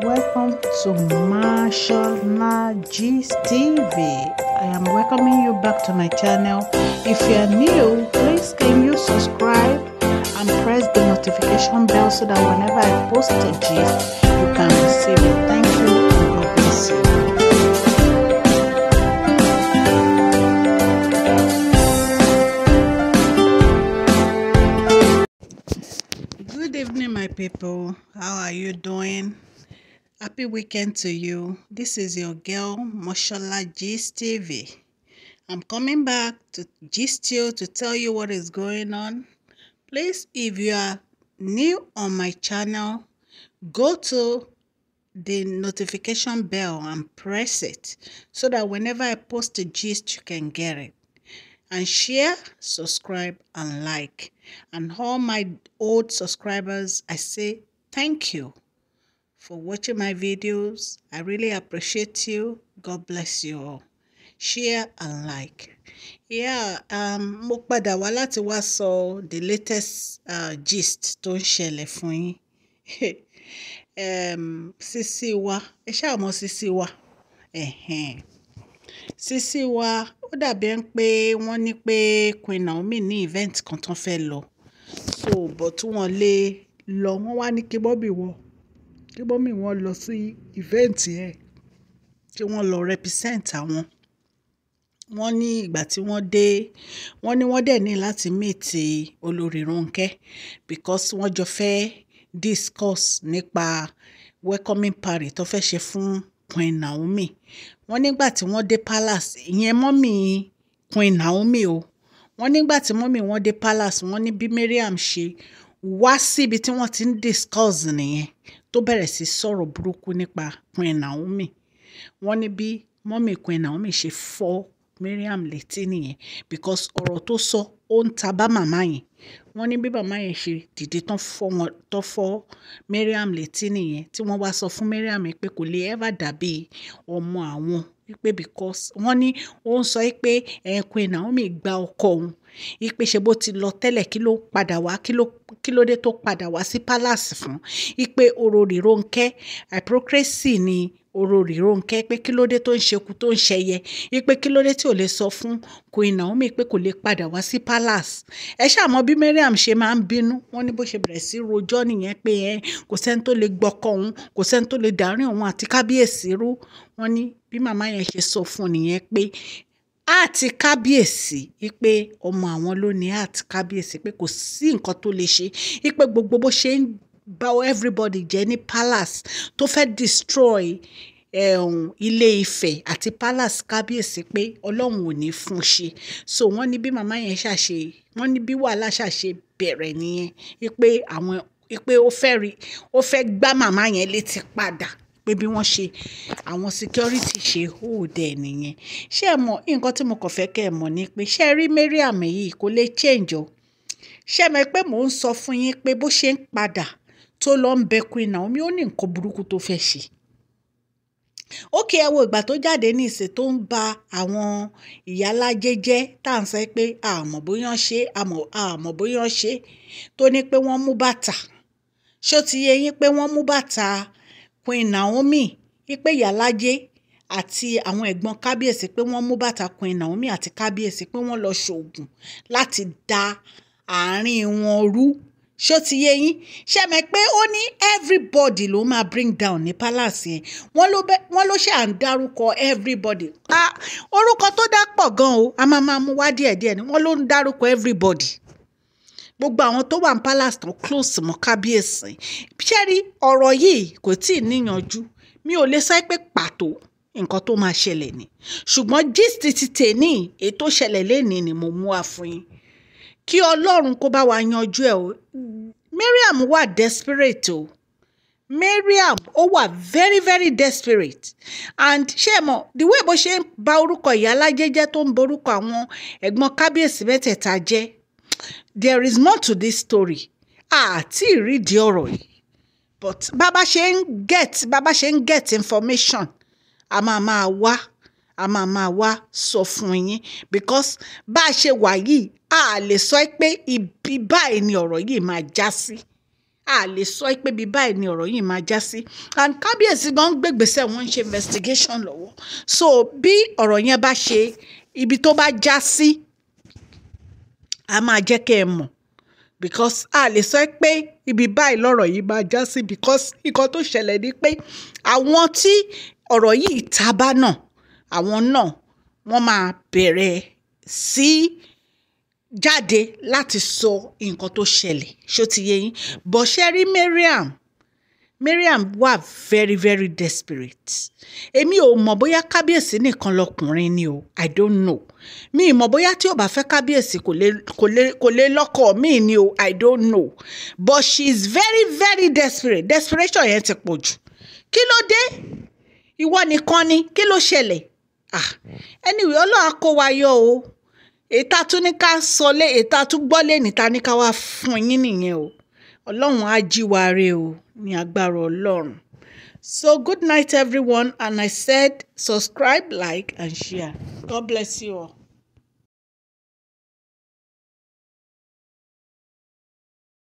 Welcome to Marshall Najis TV. I am welcoming you back to my channel. If you are new, please can you subscribe and press the notification bell so that whenever I post a gist, you can receive it. Thank you you. Good evening, my people. How are you doing? Happy weekend to you. This is your girl Moshala Gist TV. I'm coming back to Gist you to tell you what is going on. Please, if you are new on my channel, go to the notification bell and press it so that whenever I post a gist, you can get it. And share, subscribe, and like. And all my old subscribers, I say thank you. for watching my videos. I really appreciate you. God bless you all. Share and like. Yeah, um, mo padà wá láti wá sọ the latest uh, gist tó ń ṣẹlẹ̀ fún yín. um, Sisi wa, ẹ ṣáà mọ̀ Sisi wa. Eh-hen. Sisi wa, ó dàbí ẹni pé wọ́n ní pé Queen Naomi ní event kan tán fẹ́ lọ. So, but wọ́n lè lọ, wọ́n wá ní kí Bobby wọ̀ kí mọ́mì wọn lọ sí ìfẹ́ǹtì ẹ̀ kí wọ́n lọ represent àwọn wọ́n ní ìgbà tí wọ́n dé wọ́n ní wọ́n dẹ̀ ní láti mìtì olórí Rónkẹ́ because wọ́n jọ fẹ́ discuss nípa welcoming party tó fẹ́ ṣe fún Queen Naomi wọ́n nígbà tí wọ́n dé palace ìyẹn mọ́mì Queen Naomi o wọ́n nígbà tí mọ́mì wọ́n dé palace wọ́n ní bí Mariam ṣe wá síbi tí wọ́n ti ń discuss nìyẹn tó bẹ̀rẹ̀ sí sọ̀rọ̀ burúkú nípa Queen Naomi wọ́n ní bí mọ́mì Queen Naomi ṣe fọ́ Mariam létí nìyẹn because ọ̀rọ̀ tó sọ ó ń ta bá màmá yẹn wọ́n ní bí màmá yẹn ṣe dìde tán fọ́ wọn tán fọ́ Mariam létí nìyẹn tí wọ́n wá sọ fún Mariam pé kò lè ever dàbí ọmọ àwọn pé because wọ́n ní ó ń sọ pé ẹ̀ Queen Naomi gba ọkọ òun ipe ṣe bó ti lọ tẹ́lẹ̀ kí ló padà wá kí ló kí ló dé tó padà wá sí palace fún ipe oró ríró ń kẹ́ hypocrisy ni oró ríró ń kẹ́ pé kí ló dé tó ń ṣekú tó ń ṣẹyẹ ipe kí ló dé tí ò lè sọ fún Queen Naomi pé kò lè padà wá sí palace ẹ ṣàmọ bí Mariam ṣe máa ń bínú wọn ní bó ṣe bẹ̀rẹ̀ sí rojọ́ nìyẹn pé ẹ kò sẹ́ni tó lè gbọ́kọ òun kò sẹ́ni tó lè dárín òun àti kábíyèsí rú wọn ní bí màmá yẹn ṣe sọ fún nìyẹn pé art kábíyèsí wípé ọmọ àwọn ló ní art kábíyèsí pé kò sí nǹkan tó lè ṣe wípé gbogbo bó ṣe ń bà everybody jẹ́ ní palace tó fẹ́ destroy um, ilé Ifẹ̀ àti palace kábíyèsí pé ọlọ́run ò ní fún un ṣe so wọ́n ní bí màmá yẹn ṣàṣe wọ́n ní bí wàhálà ṣàṣe bẹ̀rẹ̀ nìyẹn wípé àwọn pé ó fẹ́ rí ó fẹ́ gbá màmá yẹn létí padà pé bí wọ́n ṣe àwọn security ṣe hold ẹ̀ nìyẹn ṣé ẹ mọ̀ nǹkan tí mo kàn fẹ́ kẹ́ ẹ mọ̀ ni pé ṣé ẹ rí Mariam yìí kò lè change o ṣé ẹ mọ̀ pé mò ń sọ fún yín pé bó ṣe ń padà tó lọ ń bẹ Queen Naomi ó ní nǹkan burúkú tó fẹ́ ṣe ó kí ẹ wo ìgbà tó jáde ní ìsìn tó ń ba àwọn ìyálájẹ jẹ́ tá à ń sọ pé àmọ́ bóyá ṣe àmọ́ bóyá ṣe tó ní pé wọ́n mú bàtà ṣó ti yẹ yín pé wọ́n mú bàtà queen naomi ipe ìyálájé àti àwọn ẹ̀gbọ́n kábíyèsí pé wọ́n mú bàtà queen naomi àti kábíyèsí pé wọ́n lọ ṣoògùn láti da àárín wọn rú ṣó ti yé yín ṣe pé ó ní everybody ló máa bring down ní palace yẹn wọ́n ló ṣe à ń dárúkọ everybody ah orúkọ tó dá pọ̀ gan o a máa máa mú wá díẹ̀díẹ̀ ni wọ́n ló ń dárúkọ everybody gbogbo àwọn tó wà ní palace tó close mọ́ kábíyèsí ṣẹ́rí ọ̀rọ̀ yìí kò tí ì níyanjú mi ò lè sọ pé pàtó nǹkan tó máa ṣẹlẹ̀ ni ṣùgbọ́n gist ti tèní ètò ṣẹlẹ̀ lẹ́ni ni mo mú wa fún yín kí ọlọ́run kó bá wa yanjú ẹ̀ o Mariam wà desperate o Mariam ó wà very very desperate and ṣé mo the way bó ṣe ń ba orúkọ ìyá alájẹ jẹ́ tó ń borúkọ àwọn ẹ̀gbọ́n kábíyèsí mẹ́tẹ̀ẹ̀ta jẹ́ there is more to this story àti ìrídìí ọ̀rọ̀ yìí but bàbá ṣe ń get bàbá ṣe ń get information a máa máa wá a máa máa wá sọ fún yín because bá a ṣe wà yìí a lè sọ pé ibi báyìí ni ọ̀rọ̀ yìí máa já sí a lè sọ pé ibi báyìí ni ọ̀rọ̀ yìí máa já sí and kábíyèsí gan ń gbègbèsẹ̀ wọ́n ń ṣe investigation lọ́wọ́ so bí ọ̀rọ̀ yẹn bá ṣe ibi tó bá já sí. Si, a máa jẹ́ kẹ́ ẹ mọ̀ because a lè sọ pé ibi báyìí lọ́rọ̀ yìí máa já sí because nǹkan tó ṣẹlẹ̀ ni pé àwọn tí ọ̀rọ̀ yìí ta bá náà àwọn náà wọ́n máa bẹ̀rẹ̀ sí jáde láti sọ nǹkan tó ṣẹlẹ̀ ṣó ti yé yín bọ̀ṣẹ́rí Mariam Miriam wà very very desperate èmi ò mọ̀ bóyá kábíyèsí nìkan lọkùnrin ni o I don't know mi ì mọ̀ bóyá tí ò bá fẹ́ kábíyèsí kò lè kò mi ni o I don't know but she is very very desperate desperation yẹn ti pọ̀ jù kí ló dé ìwọ nìkan ni kí ló ṣẹlẹ̀ ah anyway ọlọ́run á kó wa yọ o ètà tún ní ká sọ lé ètà tún gbọ́ lé níta ní ká wá fún yín nìyẹn o. Ọlọ́run á jí wa re o ní agbára Ọlọ́run. So good night everyone and I said subscribe, like and share. God bless you all.